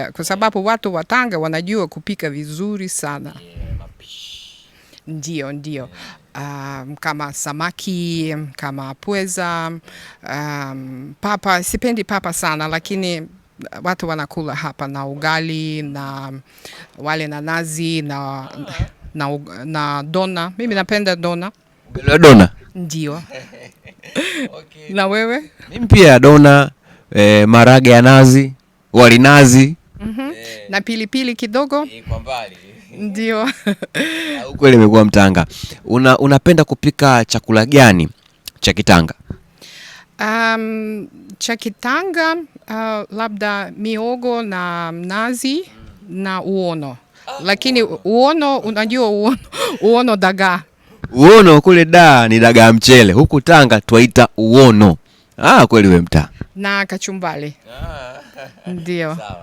Eh, kwa sababu watu wa Tanga wanajua kupika vizuri sana. Ndio, ndio. Um, kama samaki kama pweza, um, papa. Sipendi papa sana, lakini watu wanakula hapa na ugali na wale na nazi na, na, na dona. Mimi napenda dona, dona. Ndio. Okay. Na wewe? Mimi pia dona, eh, marage ya nazi, wali nazi na pilipili kidogo ndio. Ukweli imekuwa mtanga. Una, unapenda kupika chakula gani cha Kitanga? Um, cha Kitanga uh, labda miogo na mnazi na uono ah, lakini uono unajua uono, uono dagaa uono kule da ni dagaa mchele, huku Tanga twaita uono. Ah, kweli we mtaa na kachumbali ah. ndio.